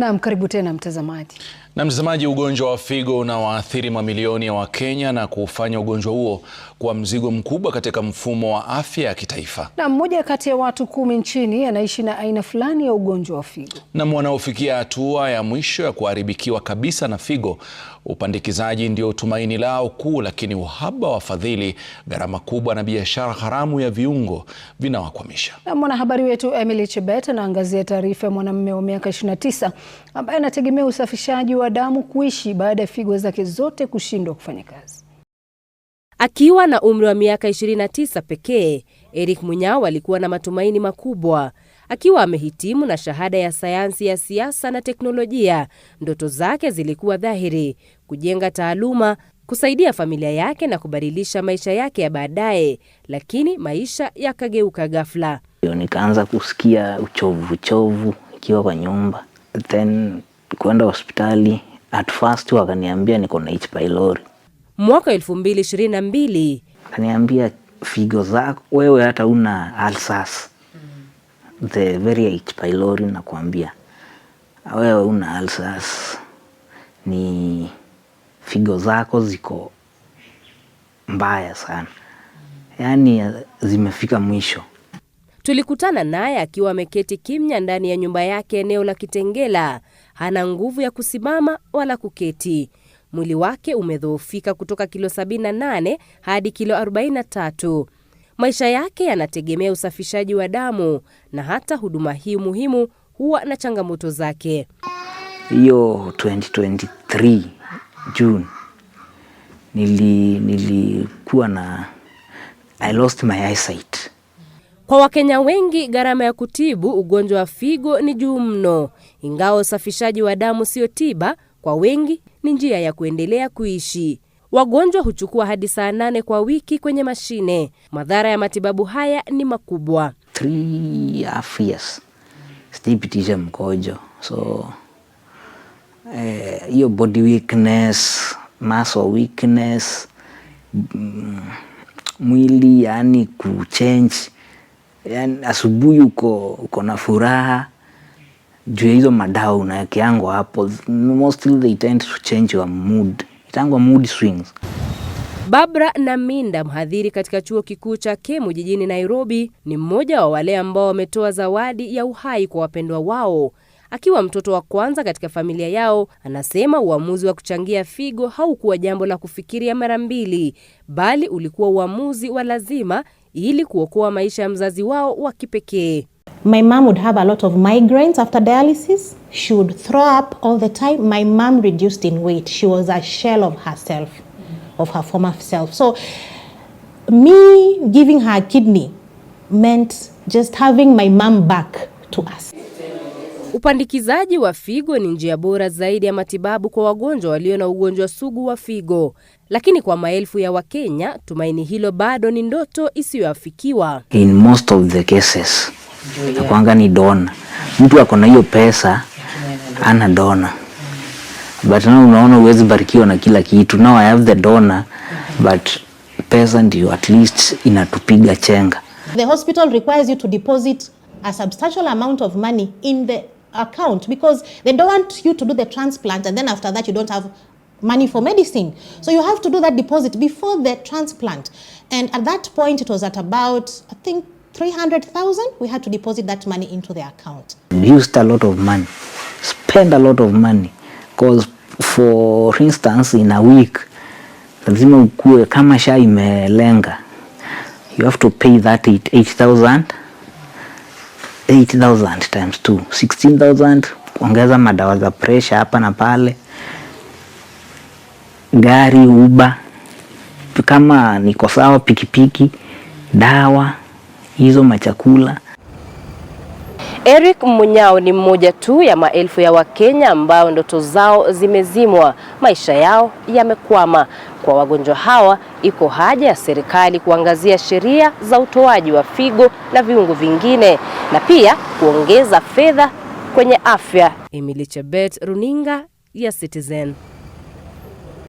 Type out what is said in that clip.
Naam, karibu tena mtazamaji. Na mtazamaji, ugonjwa wa figo unawaathiri mamilioni ya Wakenya na kufanya ugonjwa huo kuwa mzigo mkubwa katika mfumo wa afya ya kitaifa. Na mmoja kati ya watu kumi nchini anaishi na aina fulani ya ugonjwa wa figo. Na wanaofikia hatua ya mwisho ya kuharibikiwa kabisa na figo, upandikizaji ndio tumaini lao kuu, lakini uhaba wa fadhili, gharama kubwa na biashara haramu ya viungo vinawakwamisha. Na mwanahabari wetu Emily Chebet anaangazia taarifa ya mwanamume wa miaka 29 ambaye anategemea usafishaji wa damu kuishi baada ya figo zake zote kushindwa kufanya kazi. Akiwa na umri wa miaka 29 pekee, Eric Munyao alikuwa na matumaini makubwa. Akiwa amehitimu na shahada ya sayansi ya siasa na teknolojia, ndoto zake zilikuwa dhahiri: kujenga taaluma, kusaidia familia yake na kubadilisha maisha yake ya baadaye, lakini maisha yakageuka ghafla. Nikaanza kusikia uchovu uchovu nikiwa kwa nyumba, then kwenda hospitali. At first wakaniambia niko na H pylori mwaka 2022. Akaniambia figo zako wewe hata una alsas mm. the variant pylori nakuambia wewe una alsas ni figo zako ziko mbaya sana, yaani zimefika mwisho. Tulikutana naye akiwa ameketi kimya ndani ya nyumba yake eneo la Kitengela. Hana nguvu ya kusimama wala kuketi mwili wake umedhoofika kutoka kilo 78 hadi kilo 43. Maisha yake yanategemea usafishaji wa damu na hata huduma hii muhimu huwa na changamoto zake. Hiyo 2023 June nili nilikuwa na I lost my eyesight. Kwa Wakenya wengi gharama ya kutibu ugonjwa wa figo ni juu mno. Ingawa usafishaji wa damu sio tiba, kwa wengi ni njia ya kuendelea kuishi. Wagonjwa huchukua hadi saa nane kwa wiki kwenye mashine. Madhara ya matibabu haya ni makubwa. Sijipitisha mkojo, so eh, hiyo eh, body weakness, muscle weakness, mm, mwili yani kuchange, yani asubuhi uko uko na furaha juu ya hizo madawa unawekeangwa hapo, mostly they tend to change your mood, itangwa mood swings. Barbara Naminda, mhadhiri katika chuo kikuu cha Kemu jijini Nairobi, ni mmoja wa wale ambao wametoa zawadi ya uhai kwa wapendwa wao. Akiwa mtoto wa kwanza katika familia yao, anasema uamuzi wa kuchangia figo haukuwa jambo la kufikiria mara mbili, bali ulikuwa uamuzi wa lazima ili kuokoa maisha ya mzazi wao wa kipekee. My mom would have a lot of migraines after dialysis. She would throw up all the time. My mom reduced in weight. She was a shell of herself, mm-hmm. of her former self. So me giving her a kidney meant just having my mom back to us. Upandikizaji wa figo ni njia bora zaidi ya matibabu kwa wagonjwa walio na ugonjwa sugu wa figo, lakini kwa maelfu ya Wakenya tumaini hilo bado ni ndoto isiyoafikiwa. In most of the cases nakwanga ni dona. Mtu ako na hiyo pesa ana dona, but na unaona uwezi barikiwa na kila kitu. Now I have the dona but pesa ndio at least inatupiga chenga. The hospital requires you to deposit a substantial amount of money in the account because they don't want you to do the transplant and then after that you don't have money for medicine. So you have to do that deposit before the transplant. And at that point, it was at about, I think, 300,000 we had to deposit that money into the account. Used a lot of money, spend a lot of money because for instance in a week lazima ukue kama sha imelenga you have to pay that 8000 8000 times 2 16000 kuongeza madawa za pressure hapa na pale gari uba kama niko sawa pikipiki dawa hizo machakula. Eric Munyao ni mmoja tu ya maelfu ya Wakenya ambao ndoto zao zimezimwa, maisha yao yamekwama. Kwa wagonjwa hawa, iko haja ya serikali kuangazia sheria za utoaji wa figo na viungo vingine na pia kuongeza fedha kwenye afya. Emily Chebet, Runinga ya Citizen.